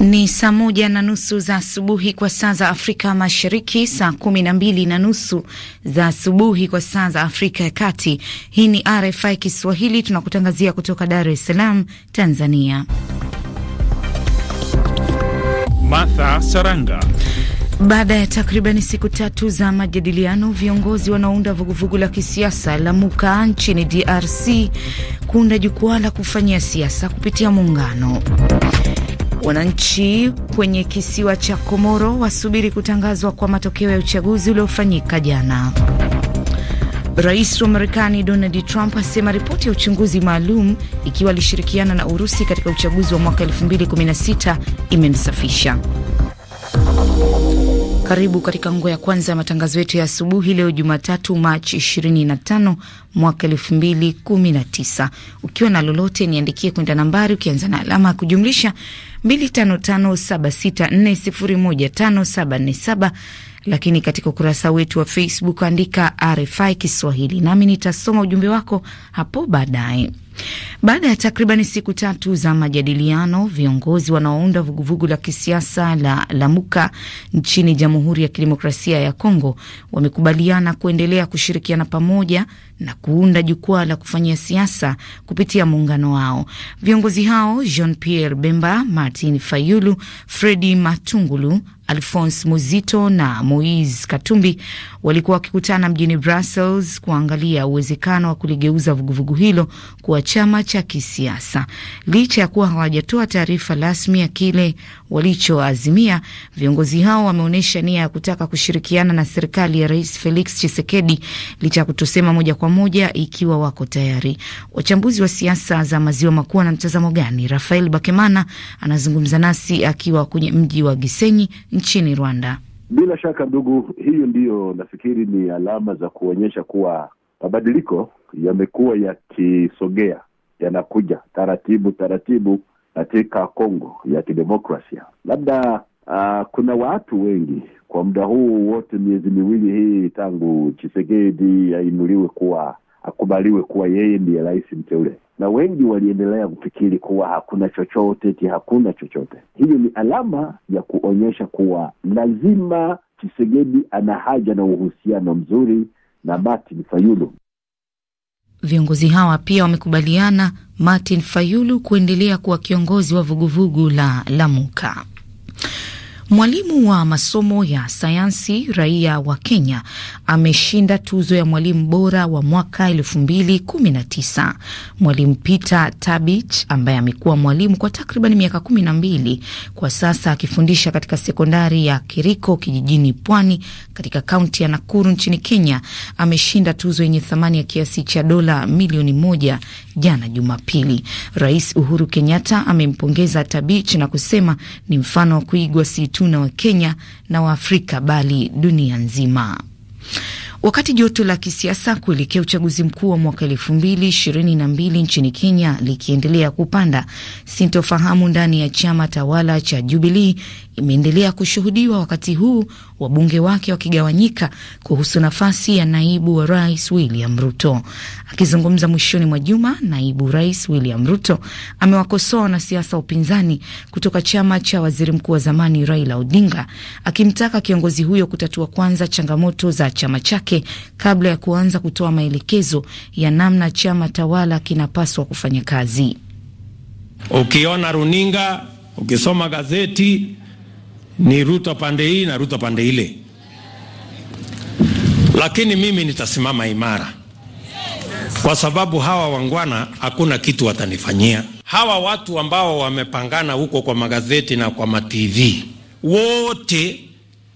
Ni saa moja na nusu za asubuhi kwa saa za Afrika Mashariki, saa kumi na mbili na nusu za asubuhi kwa saa za Afrika ya Kati. Hii ni RFI Kiswahili, tunakutangazia kutoka Dar es Salaam, Tanzania. Martha Saranga. Baada ya takribani siku tatu za majadiliano, viongozi wanaounda vuguvugu la kisiasa la Muka nchini DRC kuunda jukwaa la kufanyia siasa kupitia muungano Wananchi kwenye kisiwa cha Komoro wasubiri kutangazwa kwa matokeo ya uchaguzi uliofanyika jana. Rais wa Marekani Donald Trump asema ripoti ya uchunguzi maalum ikiwa alishirikiana na Urusi katika uchaguzi wa mwaka 2016 imemsafisha. Karibu katika nguo ya kwanza ya matangazo yetu ya asubuhi leo Jumatatu, Machi 25 mwaka 2019. Ukiwa na lolote, niandikie kwenda nambari ukianza na alama ya kujumlisha 255764015747 lakini katika ukurasa wetu wa Facebook andika RFI Kiswahili, nami nitasoma ujumbe wako hapo baadaye. Baada ya takribani siku tatu za majadiliano, viongozi wanaounda vuguvugu la kisiasa la Lamuka nchini Jamhuri ya Kidemokrasia ya Kongo wamekubaliana kuendelea kushirikiana pamoja na kuunda jukwaa la kufanyia siasa kupitia muungano wao. Viongozi hao Jean Pierre Bemba, Martin Fayulu, Fredi Matungulu, Alphonse Muzito na Moise Katumbi walikuwa wakikutana mjini Brussels kuangalia uwezekano wa kuligeuza vuguvugu hilo kuwa chama cha kisiasa licha ya kuwa hawajatoa taarifa rasmi ya kile walichoazimia. Viongozi hao wameonyesha nia ya kutaka kushirikiana na serikali ya Rais Felix Tshisekedi licha ya kutosema moja kwa moja ikiwa wako tayari. Wachambuzi wa siasa za maziwa makuu wana mtazamo gani? Rafael Bakemana anazungumza nasi akiwa kwenye mji wa Gisenyi nchini Rwanda. Bila shaka ndugu, hiyo ndiyo nafikiri ni alama za kuonyesha kuwa mabadiliko yamekuwa yakisogea, yanakuja taratibu taratibu katika Kongo ya Kidemokrasia. Labda uh, kuna watu wengi kwa muda huu wote, miezi miwili hii tangu Chisekedi ainuliwe kuwa akubaliwe kuwa yeye ndiye rais mteule, na wengi waliendelea kufikiri kuwa hakuna chochote ti hakuna chochote. Hiyo ni alama ya kuonyesha kuwa lazima Chisegedi ana haja na uhusiano mzuri na Martin Fayulu. Viongozi hawa pia wamekubaliana Martin Fayulu kuendelea kuwa kiongozi wa vuguvugu la Lamuka. Mwalimu wa masomo ya sayansi raia wa Kenya ameshinda tuzo ya mwalimu bora wa mwaka 2019. Mwalimu Peter Tabich ambaye amekuwa mwalimu kwa takriban miaka kumi na mbili kwa sasa akifundisha katika sekondari ya Kiriko kijijini Pwani katika kaunti ya Nakuru nchini Kenya ameshinda tuzo yenye thamani ya kiasi cha dola milioni moja jana Jumapili. Rais Uhuru Kenyatta amempongeza Tabich na kusema ni mfano wa kuigwa si tu na Wakenya na Waafrika bali dunia nzima. Wakati joto la kisiasa kuelekea uchaguzi mkuu wa mwaka elfu mbili ishirini na mbili nchini Kenya likiendelea kupanda, sintofahamu ndani ya chama tawala cha Jubilii imeendelea kushuhudiwa wakati huu wabunge wake wakigawanyika kuhusu nafasi ya naibu wa rais William Ruto. Akizungumza mwishoni mwa juma, naibu rais William Ruto amewakosoa wanasiasa wa upinzani kutoka chama cha waziri mkuu wa zamani Raila Odinga, akimtaka kiongozi huyo kutatua kwanza changamoto za chama chake kabla ya kuanza kutoa maelekezo ya namna chama tawala kinapaswa kufanya kazi. Ukiona runinga, ukisoma gazeti ni Ruto pande hii na Ruto pande ile, lakini mimi nitasimama imara kwa sababu hawa wangwana hakuna kitu watanifanyia. Hawa watu ambao wamepangana huko kwa magazeti na kwa matv wote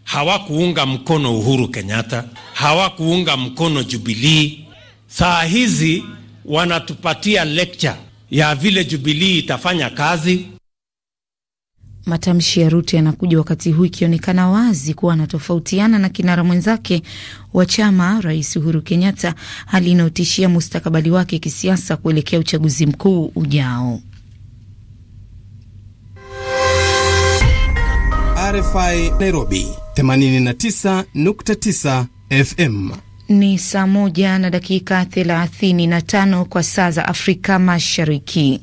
hawakuunga mkono Uhuru Kenyatta, hawakuunga mkono Jubilii. Saa hizi wanatupatia lecture ya vile Jubilii itafanya kazi, Matamshi ya Ruto yanakuja wakati huu ikionekana wazi kuwa anatofautiana na kinara mwenzake wa chama Rais Uhuru Kenyatta, hali inayotishia mustakabali wake kisiasa kuelekea uchaguzi mkuu ujao. RFI Nairobi 89.9 FM. Ni saa moja na dakika thelathini na tano kwa saa za Afrika Mashariki.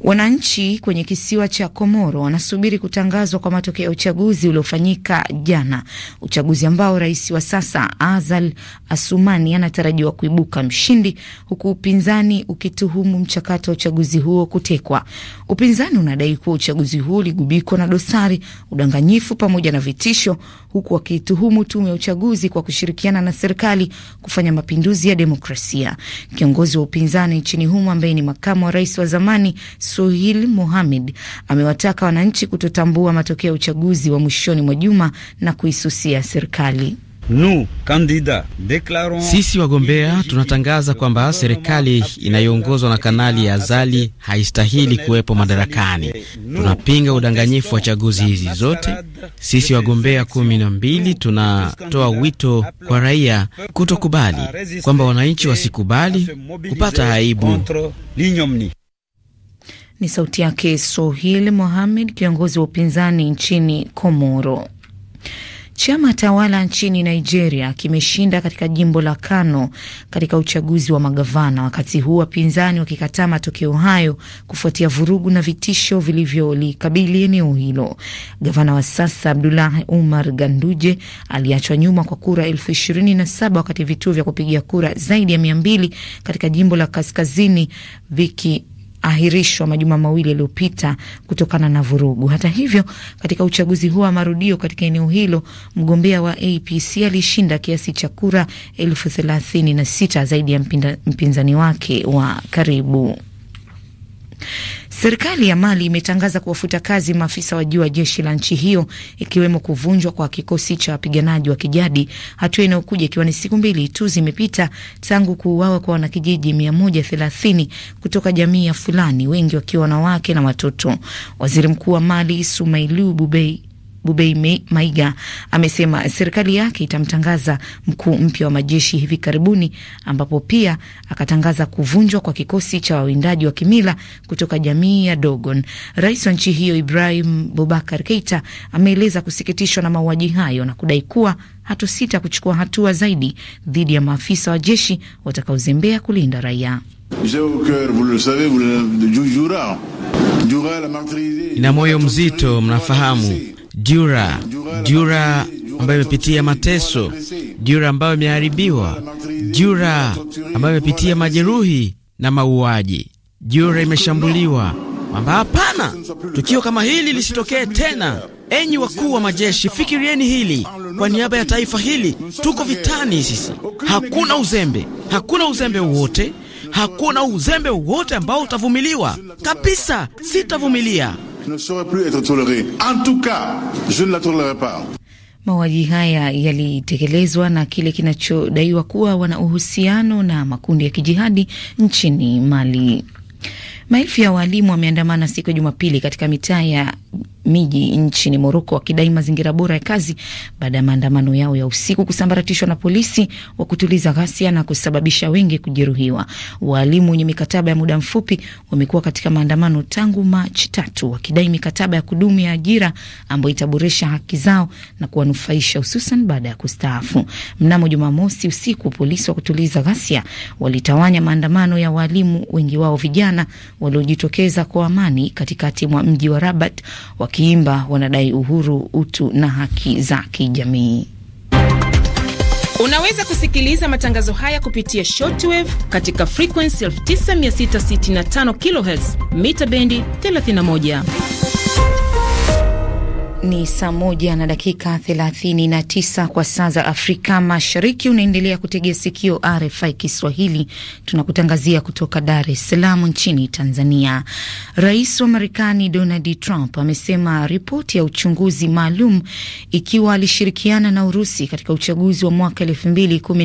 Wananchi kwenye kisiwa cha Komoro wanasubiri kutangazwa kwa matokeo ya uchaguzi uliofanyika jana, uchaguzi ambao rais wa sasa Azal Asumani anatarajiwa kuibuka mshindi, huku upinzani ukituhumu mchakato wa uchaguzi huo kutekwa. Upinzani unadai kuwa uchaguzi huo uligubikwa na dosari, udanganyifu pamoja na vitisho, huku wakituhumu tume ya uchaguzi kwa kushirikiana na serikali kufanya mapinduzi ya demokrasia. Kiongozi wa upinzani nchini humo ambaye ni makamu wa rais wa zamani Suhil Mohamed amewataka wananchi kutotambua matokeo ya uchaguzi wa mwishoni mwa juma na kuisusia serikali. Nous, candidats, Sisi wagombea tunatangaza kwamba serikali inayoongozwa na Kanali ya Azali haistahili kuwepo madarakani. Tunapinga udanganyifu wa chaguzi hizi zote. Sisi wagombea kumi na mbili tunatoa wito kwa raia kutokubali, kwamba wananchi wasikubali kupata aibu. Ni sauti yake Sohil Mohamed, kiongozi wa upinzani nchini Komoro. Chama tawala nchini Nigeria kimeshinda katika jimbo la Kano katika uchaguzi wa magavana, wakati huu wapinzani wakikataa matokeo hayo kufuatia vurugu na vitisho vilivyolikabili eneo hilo. Gavana wa sasa Abdullahi Umar Ganduje aliachwa nyuma kwa kura elfu ishirini na saba wakati vituo vya kupigia kura zaidi ya mia mbili katika jimbo la kaskazini viki ahirishwa majuma mawili yaliyopita kutokana na vurugu. Hata hivyo, katika uchaguzi huo wa marudio katika eneo hilo, mgombea wa APC alishinda kiasi cha kura elfu thelathini na sita zaidi ya mpinzani wake wa karibu. Serikali ya Mali imetangaza kuwafuta kazi maafisa wa juu wa jeshi la nchi hiyo ikiwemo kuvunjwa kwa kikosi cha wapiganaji wa kijadi, hatua inayokuja ikiwa ni siku mbili tu zimepita tangu kuuawa kwa wanakijiji 130 kutoka jamii ya Fulani, wengi wakiwa wanawake na watoto. Waziri Mkuu wa Mali Sumailu Bubei Bubei Maiga amesema serikali yake itamtangaza mkuu mpya wa majeshi hivi karibuni, ambapo pia akatangaza kuvunjwa kwa kikosi cha wawindaji wa kimila kutoka jamii ya Dogon. Rais wa nchi hiyo Ibrahim Bobakar Keita ameeleza kusikitishwa na mauaji hayo na kudai kuwa hatosita kuchukua hatua zaidi dhidi ya maafisa wa jeshi watakaozembea kulinda raia. Ina moyo mzito, mnafahamu Jura, Jura ambayo imepitia mateso, Jura ambayo imeharibiwa, Jura ambayo imepitia majeruhi na mauaji, Jura imeshambuliwa, kwamba hapana, tukio kama hili lisitokee tena. Enyi wakuu wa majeshi, fikirieni hili kwa niaba ya taifa hili. Tuko vitani sisi, hakuna uzembe, hakuna uzembe wowote, hakuna uzembe wowote ambao utavumiliwa kabisa. Sitavumilia ne saurait plus être tolérée. En tout cas, je ne la tolérerai pas. Mauaji haya yalitekelezwa na kile kinachodaiwa kuwa wana uhusiano na makundi ya kijihadi nchini Mali. Maelfu ya waalimu wameandamana siku ya Jumapili katika mitaa ya miji nchini Moroko wakidai mazingira bora ya kazi baada ya maandamano yao ya usiku kusambaratishwa na polisi wa kutuliza ghasia na kusababisha wengi kujeruhiwa. Waalimu wenye mikataba ya muda mfupi wamekuwa katika maandamano tangu Machi tatu wakidai mikataba ya kudumu ya ajira ambayo itaboresha haki zao na kuwanufaisha hususan baada ya kustaafu. Mnamo Jumamosi usiku polisi wa kutuliza ghasia walitawanya maandamano ya waalimu, wengi wao vijana waliojitokeza kwa amani katikati mwa mji wa Rabat wa wakiimba wanadai uhuru, utu na haki za kijamii. Unaweza kusikiliza matangazo haya kupitia shortwave katika frequency 9665 kHz mita bendi 31. Ni saa moja na dakika 39 kwa saa za Afrika Mashariki. Unaendelea kutegea sikio RFI Kiswahili, tunakutangazia kutoka Dar es Salaam nchini Tanzania. Rais wa Marekani Donald Trump amesema ripoti ya uchunguzi maalum ikiwa alishirikiana na Urusi katika uchaguzi wa mwaka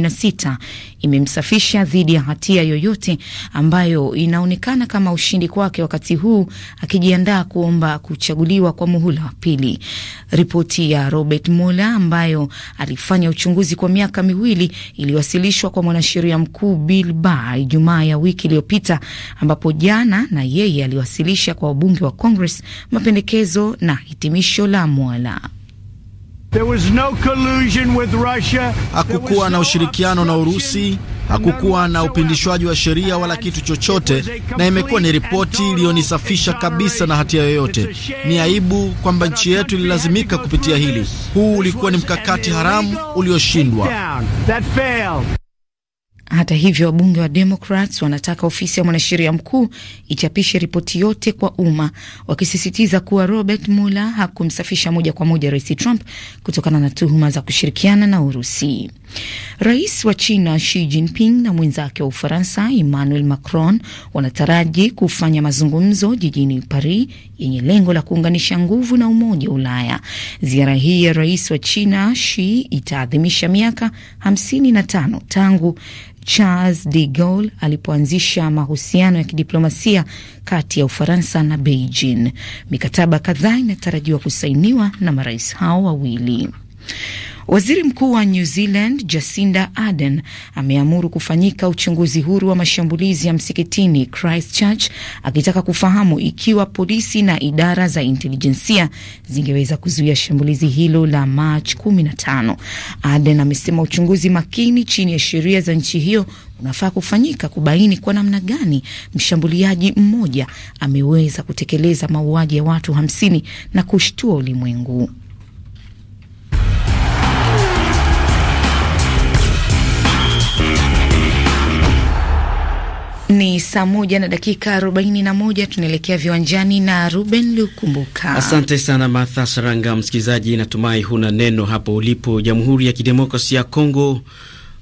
sita imemsafisha dhidi ya hatia yoyote ambayo inaonekana kama ushindi kwake, wakati huu akijiandaa kuomba kuchaguliwa kwa muhula wa pili. Ripoti ya Robert Mueller ambayo alifanya uchunguzi kwa miaka miwili iliwasilishwa kwa mwanasheria mkuu Bill Barr Ijumaa ya wiki iliyopita, ambapo jana na yeye aliwasilisha kwa wabunge wa Congress mapendekezo na hitimisho la Mueller. Hakukuwa na ushirikiano na Urusi, hakukuwa na upindishwaji wa sheria wala kitu chochote, na imekuwa ni ripoti iliyonisafisha kabisa na hatia yoyote. Ni aibu kwamba nchi yetu ililazimika kupitia hili. Huu ulikuwa ni mkakati haramu ulioshindwa. Hata hivyo, wabunge wa Democrats wanataka ofisi ya mwanasheria mkuu ichapishe ripoti yote kwa umma, wakisisitiza kuwa Robert Mueller hakumsafisha moja kwa moja Rais Trump kutokana na tuhuma za kushirikiana na Urusi. Rais wa China Xi Jinping na mwenzake wa Ufaransa Emmanuel Macron wanataraji kufanya mazungumzo jijini Paris yenye lengo la kuunganisha nguvu na Umoja wa Ulaya. Ziara hii ya rais wa China Xi itaadhimisha miaka 55 tangu Charles de Gaulle alipoanzisha mahusiano ya kidiplomasia kati ya Ufaransa na Beijing. Mikataba kadhaa inatarajiwa kusainiwa na marais hao wawili. Waziri Mkuu wa New Zealand Jacinda Ardern ameamuru kufanyika uchunguzi huru wa mashambulizi ya msikitini Christchurch, akitaka kufahamu ikiwa polisi na idara za intelijensia zingeweza kuzuia shambulizi hilo la March 15. Ardern amesema uchunguzi makini chini ya sheria za nchi hiyo unafaa kufanyika kubaini kwa namna gani mshambuliaji mmoja ameweza kutekeleza mauaji ya watu hamsini na kushtua ulimwengu. Ni saa moja na dakika arobaini na moja. Tunaelekea viwanjani na Ruben Lukumbuka. Asante sana Martha Saranga. Msikilizaji, natumai huna neno hapo ulipo. Jamhuri ya Kidemokrasia ya Kongo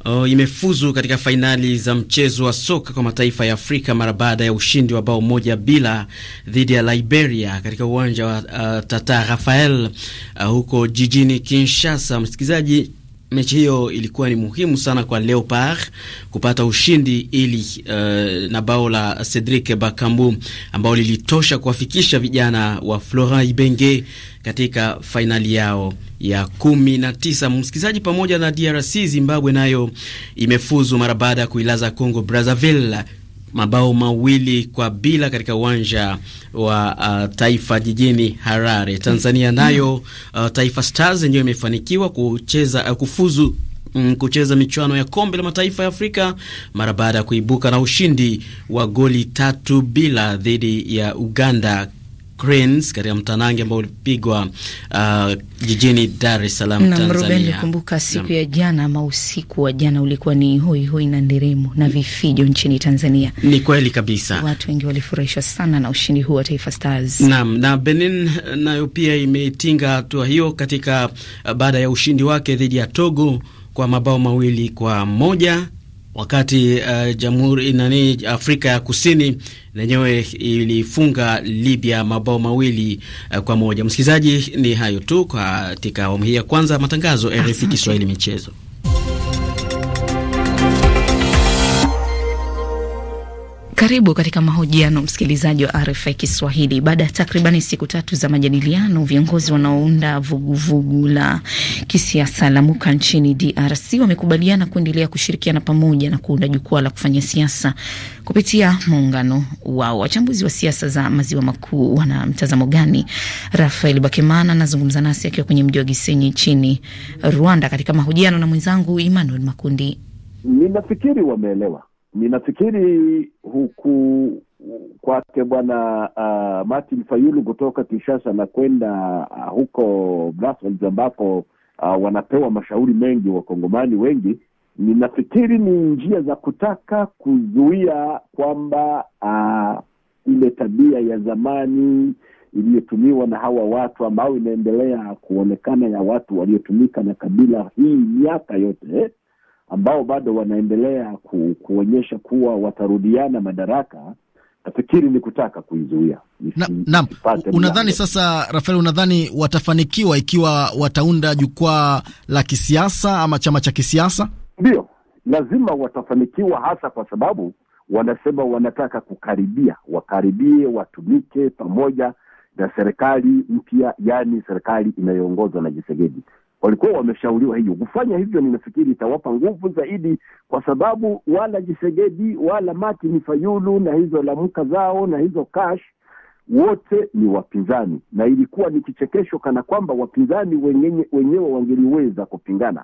uh, imefuzu katika fainali za mchezo wa soka kwa mataifa ya Afrika mara baada ya ushindi wa bao moja bila dhidi ya Liberia katika uwanja wa uh, Tata Rafael uh, huko jijini Kinshasa. Msikilizaji Mechi hiyo ilikuwa ni muhimu sana kwa Leopard kupata ushindi ili uh, na bao la Cedric Bakambu ambao lilitosha kuwafikisha vijana wa Florent Ibenge katika fainali yao ya kumi na tisa. Msikilizaji, pamoja na DRC, Zimbabwe nayo imefuzu mara baada ya kuilaza Congo Brazzaville mabao mawili kwa bila katika uwanja wa uh, Taifa jijini Harare. Tanzania nayo uh, Taifa Stars ndio imefanikiwa kucheza uh, kufuzu mm, kucheza michuano ya kombe la mataifa ya Afrika mara baada ya kuibuka na ushindi wa goli tatu bila dhidi ya Uganda Cranes katika mtanange ambao ulipigwa uh, jijini Dar es Salaam Tanzania. Kumbuka siku ya jana ama usiku wa jana ulikuwa ni hoi hoi na nderemo na vifijo nchini Tanzania. Ni kweli kabisa, watu wengi walifurahishwa sana na ushindi huu wa Taifa Stars. Naam, na Benin nayo pia imetinga hatua hiyo katika uh, baada ya ushindi wake dhidi ya Togo kwa mabao mawili kwa moja wakati uh, jamhuri nani Afrika ya Kusini lenyewe ilifunga Libya mabao mawili uh, kwa moja. Msikilizaji, ni hayo tu katika awamu hii ya kwanza matangazo RFI Kiswahili michezo. Karibu katika mahojiano msikilizaji wa RFI Kiswahili. Baada ya takribani siku tatu za majadiliano, viongozi wanaounda vuguvugu la kisiasa la Muka nchini DRC wamekubaliana kuendelea kushirikiana pamoja na kuunda jukwaa la kufanya siasa kupitia muungano wao. Wachambuzi wa siasa za maziwa makuu wana mtazamo gani? Rafael Bakemana anazungumza nasi akiwa kwenye mji wa Gisenyi nchini Rwanda, katika mahojiano na mwenzangu Emmanuel Makundi. Ninafikiri wameelewa Ninafikiri huku kwake bwana uh, Martin Fayulu kutoka Kinshasa na kwenda uh, huko Brussels ambapo uh, wanapewa mashauri mengi wakongomani wengi, ninafikiri ni njia za kutaka kuzuia kwamba uh, ile tabia ya zamani iliyotumiwa na hawa watu ambao inaendelea kuonekana ya watu waliotumika na kabila hii miaka yote ambao bado wanaendelea ku, kuonyesha kuwa watarudiana madaraka nafikiri ni kutaka kuizuia. Naam, unadhani sasa, Rafael, unadhani watafanikiwa ikiwa wataunda jukwaa la kisiasa ama chama cha kisiasa? Ndio, lazima watafanikiwa, hasa kwa sababu wanasema wanataka kukaribia, wakaribie, watumike pamoja na serikali mpya, yaani serikali inayoongozwa na Jisegedi walikuwa wameshauriwa hiyo. Kufanya hivyo, ninafikiri itawapa nguvu zaidi, kwa sababu wala Jisegedi wala Martin Fayulu na hizo lamka zao na hizo kash wote ni wapinzani, na ilikuwa ni kichekesho kana kwamba wapinzani wenyewe, wenyewe wangeliweza kupingana,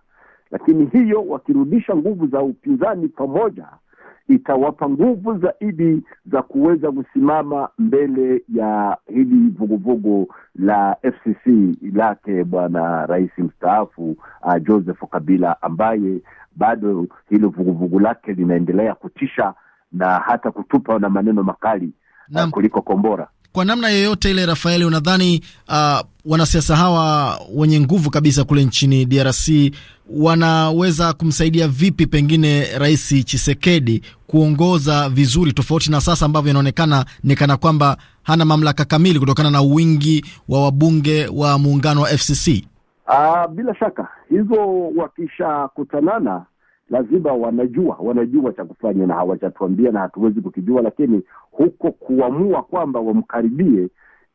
lakini hiyo wakirudisha nguvu za upinzani pamoja itawapa nguvu zaidi za kuweza kusimama mbele ya hili vuguvugu la FCC lake bwana rais mstaafu uh, Joseph Kabila ambaye bado hili vuguvugu lake linaendelea kutisha na hata kutupa na maneno makali uh, kuliko kombora kwa namna yoyote ile, Rafaeli, unadhani uh, wanasiasa hawa wenye nguvu kabisa kule nchini DRC wanaweza kumsaidia vipi pengine Rais Chisekedi kuongoza vizuri, tofauti na sasa ambavyo inaonekana ni kana kwamba hana mamlaka kamili kutokana na wingi wa wabunge wa muungano wa FCC? Aa, ah, bila shaka hizo wakishakutanana lazima wanajua wanajua cha kufanya, na hawajatuambia na hatuwezi kukijua, lakini huko kuamua kwamba wamkaribie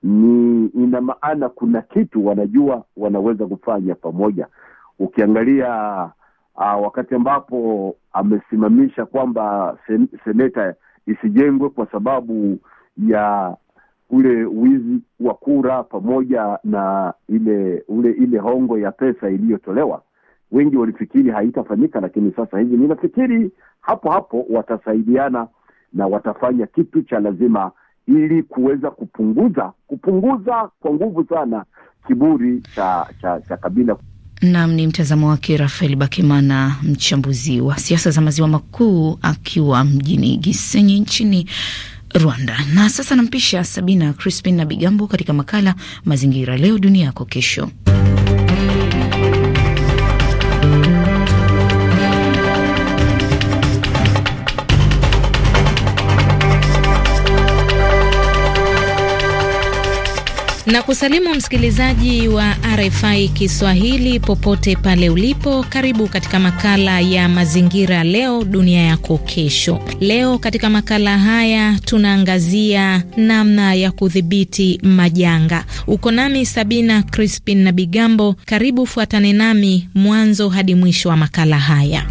ni ina maana kuna kitu wanajua wanaweza kufanya pamoja. Ukiangalia uh, wakati ambapo amesimamisha kwamba sen, seneta isijengwe kwa sababu ya ule wizi wa kura pamoja na ile ule ile hongo ya pesa iliyotolewa, wengi walifikiri haitafanyika, lakini sasa hivi ninafikiri hapo hapo watasaidiana na watafanya kitu cha lazima ili kuweza kupunguza kupunguza kwa nguvu sana kiburi cha, cha, cha Kabila. Nam ni mtazamo wake Rafael Bakemana, mchambuzi wa siasa za maziwa makuu akiwa mjini Gisenyi nchini Rwanda. Na sasa nampisha Sabina Crispin na Bigambo katika makala Mazingira Leo Dunia Yako Kesho. na kusalimu msikilizaji wa RFI Kiswahili popote pale ulipo. Karibu katika makala ya mazingira, leo dunia yako kesho. Leo katika makala haya tunaangazia namna ya kudhibiti majanga. Uko nami Sabina Crispin na Bigambo, karibu fuatane nami mwanzo hadi mwisho wa makala haya.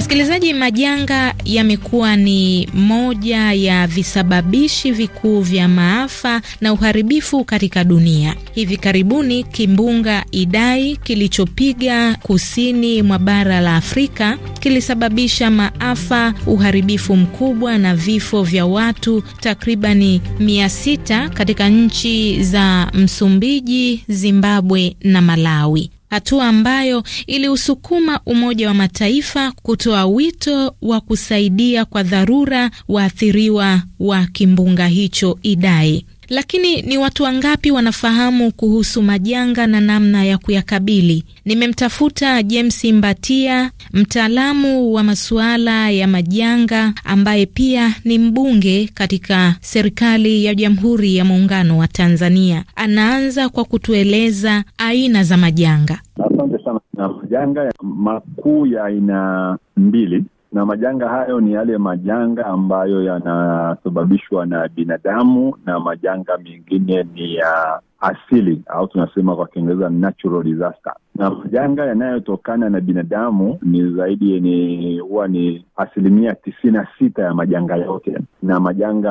Msikilizaji, majanga yamekuwa ni moja ya visababishi vikuu vya maafa na uharibifu katika dunia. Hivi karibuni kimbunga Idai kilichopiga kusini mwa bara la Afrika kilisababisha maafa, uharibifu mkubwa na vifo vya watu takribani mia sita katika nchi za Msumbiji, Zimbabwe na Malawi hatua ambayo iliusukuma Umoja wa Mataifa kutoa wito wa kusaidia kwa dharura waathiriwa wa kimbunga hicho Idai. Lakini ni watu wangapi wanafahamu kuhusu majanga na namna ya kuyakabili? Nimemtafuta James Mbatia, mtaalamu wa masuala ya majanga ambaye pia ni mbunge katika serikali ya Jamhuri ya Muungano wa Tanzania. Anaanza kwa kutueleza aina za majanga. Asante sana. Na majanga makuu ya aina mbili na majanga hayo ni yale majanga ambayo yanasababishwa na binadamu na majanga mengine ni ya asili au tunasema kwa Kiingereza natural disaster, na majanga yanayotokana na binadamu ni zaidi yenye huwa ni asilimia tisini na sita ya majanga yote, na majanga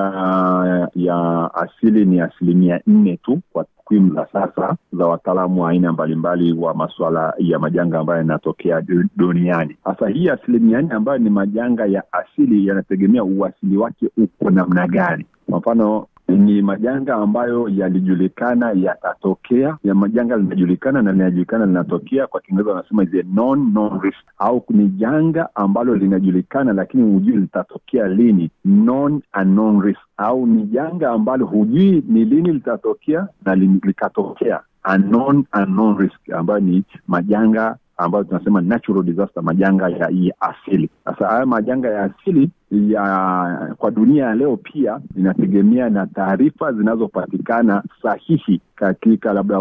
ya asili ni asilimia nne tu kwa takwimu za sasa za wataalamu wa aina mbalimbali wa masuala ya majanga ambayo yanatokea duniani. Sasa hii asilimia nne ambayo ni majanga ya asili yanategemea uasili wake uko namna gani. Kwa mfano ni majanga ambayo yalijulikana yatatokea, ya majanga linajulikana na linajulikana linatokea. Kwa Kiingereza wanasema is a known risk, au ni janga ambalo linajulikana lakini hujui litatokea lini, known risk, au ni janga ambalo hujui ni lini litatokea na likatokea, risk, ambayo ni majanga ambayo tunasema natural disaster, majanga ya asili. Sasa haya majanga ya asili ya kwa dunia ya leo pia inategemea na taarifa zinazopatikana sahihi katika labda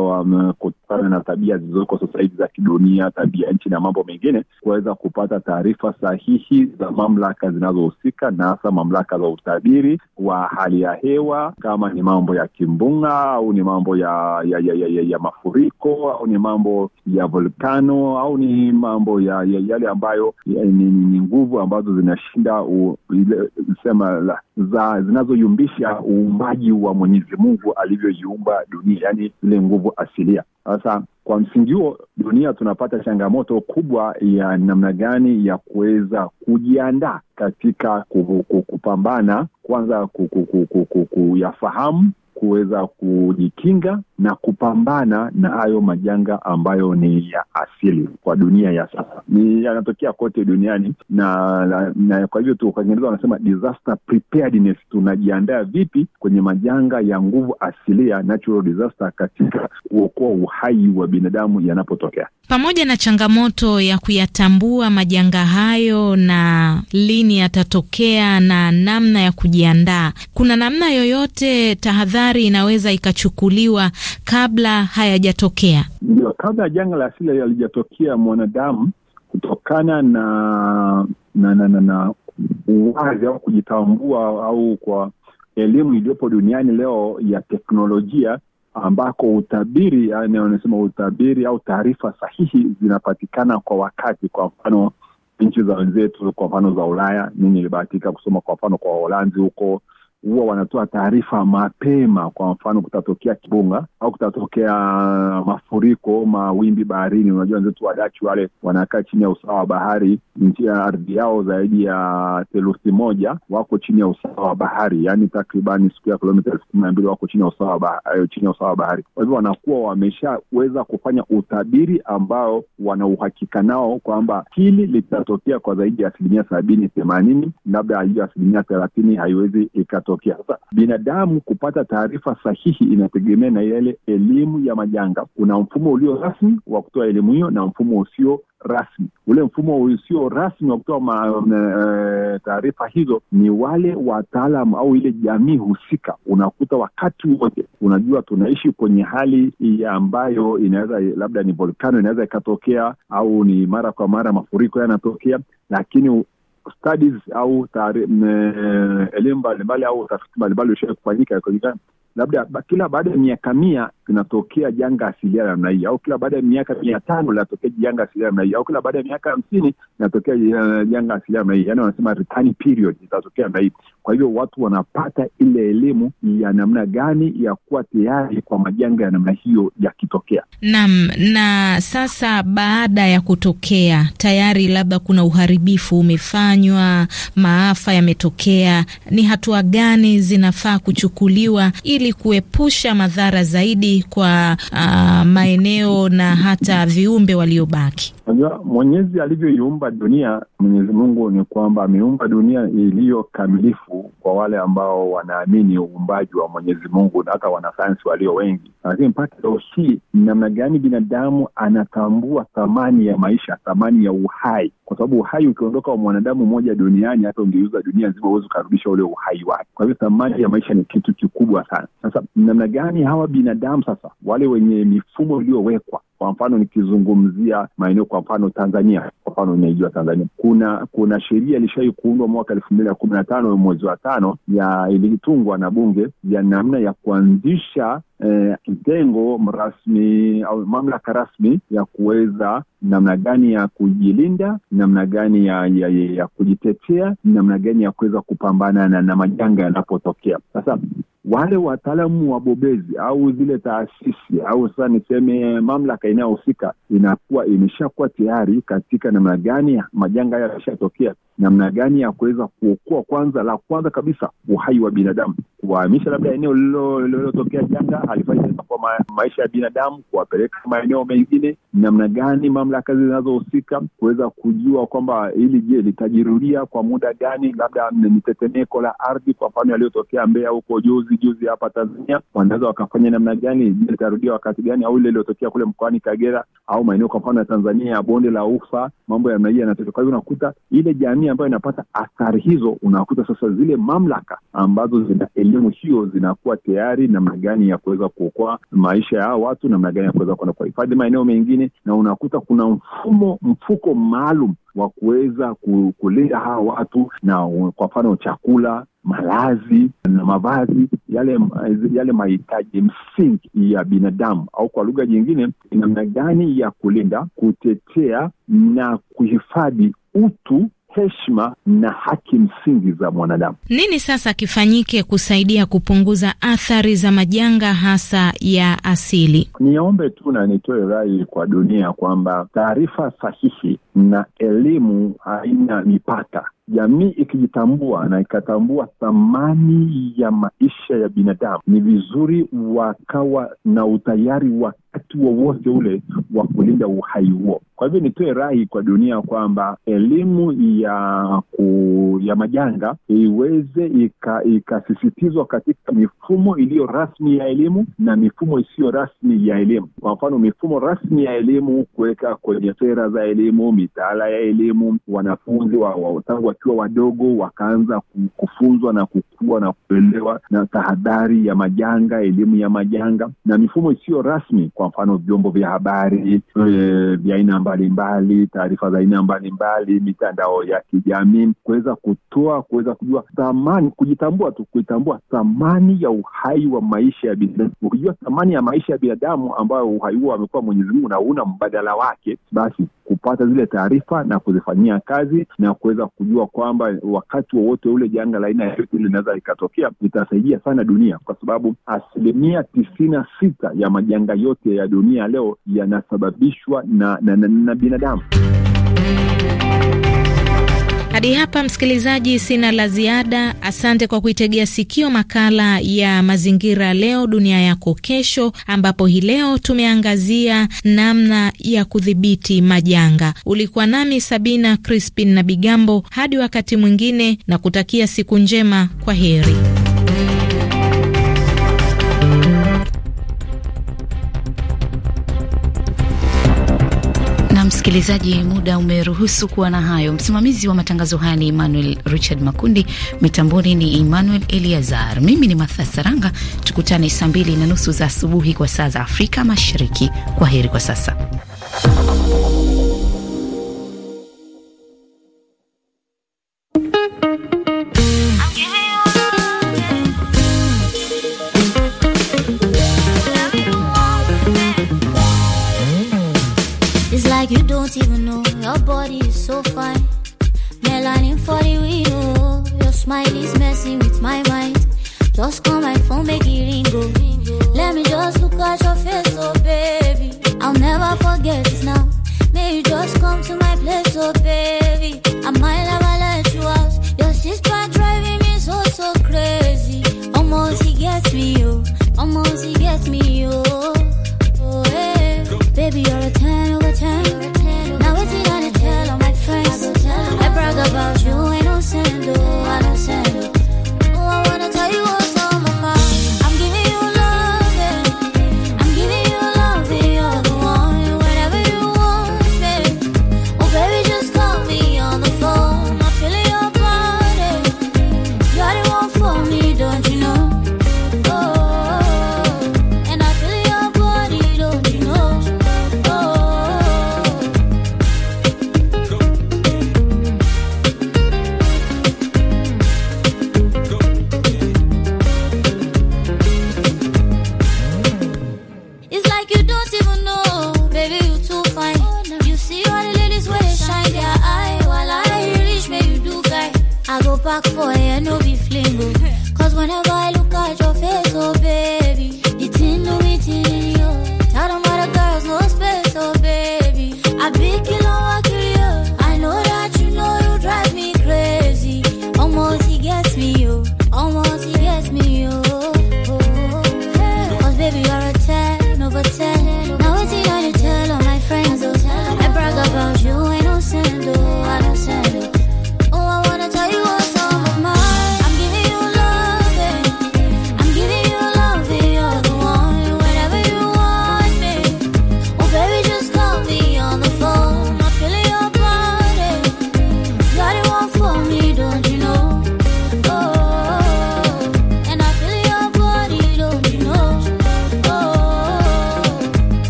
kutokana na tabia zilizoko sasa hivi za kidunia, tabia nchi na mambo mengine, kuweza kupata taarifa sahihi za mamlaka zinazohusika na hasa mamlaka za utabiri wa hali ya hewa, kama ni mambo ya kimbunga au ni mambo ya ya, ya, ya, ya mafuriko au ni mambo ya volkano au ni mambo ya, ya yale ambayo ya, ni, ni nguvu ambazo zinashinda u, sema za zinazoyumbisha uumbaji wa Mwenyezi Mungu alivyoiumba dunia, yaani zile nguvu asilia. Sasa kwa msingi huo, dunia tunapata changamoto kubwa ya namna gani ya kuweza kujiandaa katika kupambana kwanza, kuyafahamu kuweza kujikinga na kupambana na hayo majanga ambayo ni ya asili kwa dunia ya sasa, ni yanatokea kote duniani na, na, na kwa hivyo tu kwa Kiingereza wanasema disaster preparedness, tunajiandaa vipi kwenye majanga ya nguvu asilia, natural disaster, katika kuokoa uhai wa binadamu yanapotokea, pamoja na changamoto ya kuyatambua majanga hayo na lini yatatokea na namna ya kujiandaa. Kuna namna yoyote tahadhari tahadhari inaweza ikachukuliwa kabla hayajatokea? Ndio, kabla ya janga la asili halijatokea mwanadamu, kutokana na na na na, na uwazi au kujitambua au kwa elimu iliyopo duniani leo ya teknolojia ambako utabiri yani, wanasema utabiri au taarifa sahihi zinapatikana kwa wakati. Kwa mfano nchi za wenzetu, kwa mfano za Ulaya, mimi nilibahatika kusoma kwa mfano kwa Holanzi huko huwa wanatoa taarifa mapema. Kwa mfano, kutatokea kibunga au kutatokea mafuriko, mawimbi baharini. Unajua wenzetu Wadachi wale wanakaa chini ya usawa wa bahari, nchi ya ardhi yao zaidi ya theluthi moja wako chini ya usawa wa bahari, yaani takribani siku ya kilomita elfu kumi na mbili wako chini ya usawa wa bahari, eh, chini ya usawa wa bahari. Kwa hivyo wanakuwa wameshaweza kufanya utabiri ambao wana uhakika nao kwamba hili litatokea kwa zaidi ya asilimia sabini themanini, labda hiyo asilimia thelathini haiwezi ikat yanatokea. Sasa binadamu kupata taarifa sahihi inategemea na yale elimu ya majanga. Kuna mfumo ulio rasmi wa kutoa elimu hiyo na mfumo usio rasmi. Ule mfumo usio rasmi wa kutoa eh, taarifa hizo ni wale wataalam au ile jamii husika. Unakuta wakati wote, unajua tunaishi kwenye hali ambayo inaweza labda ni volkano inaweza ikatokea, au ni mara kwa mara mafuriko yanatokea, lakini studies au mm, eh, elimu mbalimbali au utafiti mbalimbali ushawai kufanyika kulingana labda kila baada ya miaka mia kunatokea janga asilia la namna hii, au kila baada ya miaka mia tano linatokea janga asilia la namna hii, au kila baada ya miaka hamsini inatokea eh, janga asilia la namna hii. Yani wanasema return period itatokea namna hii. Kwa hivyo watu wanapata ile elimu ya namna gani ya kuwa tayari kwa majanga ya namna hiyo yakitokea. Naam. Na sasa baada ya kutokea tayari, labda kuna uharibifu umefanywa, maafa yametokea, ni hatua gani zinafaa kuchukuliwa ili ili kuepusha madhara zaidi kwa uh, maeneo na hata viumbe waliobaki. Unajua, Mwenyezi alivyoiumba dunia, Mwenyezi Mungu ni kwamba ameumba dunia iliyo kamilifu kwa wale ambao wanaamini uumbaji wa Mwenyezi Mungu na hata wanasayansi walio wengi, lakini mpaka leo hii namna gani binadamu anatambua thamani ya maisha, thamani ya uhai, kwa sababu uhai ukiondoka wa mwanadamu mmoja duniani, hata ungeuza dunia nzima, huwezi ukarudisha ule uhai wake. Kwa hivyo thamani ya maisha ni kitu kikubwa sana. Sasa namna gani hawa binadamu sasa, wale wenye mifumo iliyowekwa kwa mfano nikizungumzia maeneo, kwa mfano Tanzania, kwa mfano inaijua Tanzania, kuna kuna sheria ilishawai kuundwa mwaka elfu mbili na kumi na tano mwezi wa tano ya ilitungwa na Bunge ya namna ya kuanzisha eh, kitengo eh, rasmi au mamlaka rasmi ya kuweza namna gani ya kujilinda, namna gani ya, ya, ya, ya kujitetea, namna gani ya kuweza kupambana na, na majanga yanapotokea. Sasa wale wataalamu wabobezi au zile taasisi au sasa niseme mamlaka inayohusika inakuwa imeshakuwa tayari katika namna gani majanga hayo yameshatokea namna gani ya kuweza kuokoa kwanza, la kwanza kabisa uhai wa binadamu, kuwahamisha labda eneo lililotokea janga halifai kwa ma, maisha ya binadamu, kuwapeleka maeneo mengine, namna gani mamlaka zinazohusika kuweza kujua kwamba hili je, litajirudia kwa muda gani, labda ni tetemeko la ardhi kwa mfano yaliyotokea Mbeya huko juzi juzi hapa Tanzania, wanaweza wakafanya namna gani, litarudia wakati gani, au ile iliyotokea kule mkoani Kagera au maeneo kwa mfano ya Tanzania ya bonde la ufa, mambo ya namna hii yanatokea. Kwa hivyo unakuta ile jamii jamii ambayo inapata athari hizo, unakuta sasa zile mamlaka ambazo zina elimu hiyo zinakuwa tayari namna gani ya kuweza kuokoa maisha ya hawa watu, namna gani ya kuweza kuenda kuwahifadhi maeneo mengine, na unakuta kuna mfumo mfuko maalum wa kuweza kulinda hawa watu, na kwa mfano chakula malazi na mavazi yale, yale mahitaji msingi ya binadamu, au kwa lugha nyingine, namna gani ya kulinda, kutetea na kuhifadhi utu heshima na haki msingi za mwanadamu. Nini sasa kifanyike kusaidia kupunguza athari za majanga hasa ya asili? Niombe tu na nitoe rai kwa dunia kwamba taarifa sahihi na elimu haina mipaka jamii ikijitambua na ikatambua thamani ya maisha ya binadamu, ni vizuri wakawa na utayari wakati wowote ule wa kulinda uhai huo. Kwa hivyo nitoe rahi kwa dunia kwamba elimu ya ku, ya majanga iweze ikasisitizwa ika katika mifumo iliyo rasmi ya elimu na mifumo isiyo rasmi ya elimu. Kwa mfano, mifumo rasmi ya elimu kuweka kwenye sera za elimu, mitaala ya elimu, wanafunzi wa, wa tangu wakiwa wadogo wakaanza kufunzwa na kukua na kuelewa na tahadhari ya majanga, elimu ya majanga na mifumo isiyo rasmi, kwa mfano vyombo vya habari eh, vya aina mbalimbali, taarifa za aina mbalimbali, mitandao ya kijamii, kuweza kutoa, kuweza kujua thamani, kujitambua tu, kuitambua thamani ya uhai wa maisha ya binadamu. Ukijua thamani ya maisha ya binadamu ambayo uhai huo amekuwa Mwenyezi Mungu na una mbadala wake, basi kupata zile taarifa na kuzifanyia kazi na kuweza kujua kwamba wakati wowote ule janga la aina yoyote linaweza likatokea, itasaidia sana dunia, kwa sababu asilimia tisini na sita ya majanga yote ya dunia leo yanasababishwa na, na, na, na binadamu. Hadi hapa msikilizaji, sina la ziada. Asante kwa kuitegea sikio makala ya mazingira leo dunia yako kesho, ambapo hii leo tumeangazia namna ya kudhibiti majanga. Ulikuwa nami Sabina Crispin na Bigambo. Hadi wakati mwingine, na kutakia siku njema. Kwa heri. Msikilizaji, muda umeruhusu kuwa na hayo. Msimamizi wa matangazo haya ni Emmanuel Richard Makundi, mitamboni ni Emmanuel Eliazar, mimi ni Martha Saranga. Tukutane saa mbili na nusu za asubuhi kwa saa za Afrika Mashariki. Kwa heri kwa sasa. Like you don't even know your body is so fine. Melanin for the wheel. Your smile is messing with my mind. Just call my phone, make it ringo. Let me just look at your face, oh baby. I'll never forget this now. May you just come to my place, oh baby. I might have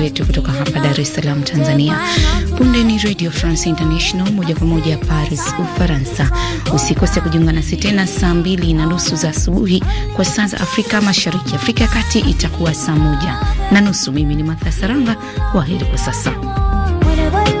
matangazo yetu kutoka hapa Dar es Salaam, Tanzania. Punde ni Radio France International, moja kwa moja Paris, Ufaransa. Usikose kujiunga nasi tena saa mbili na nusu za asubuhi kwa saa za Afrika Mashariki. Afrika ya Kati itakuwa saa moja na nusu. Mimi ni Matha Saranga, kwa heri kwa sasa.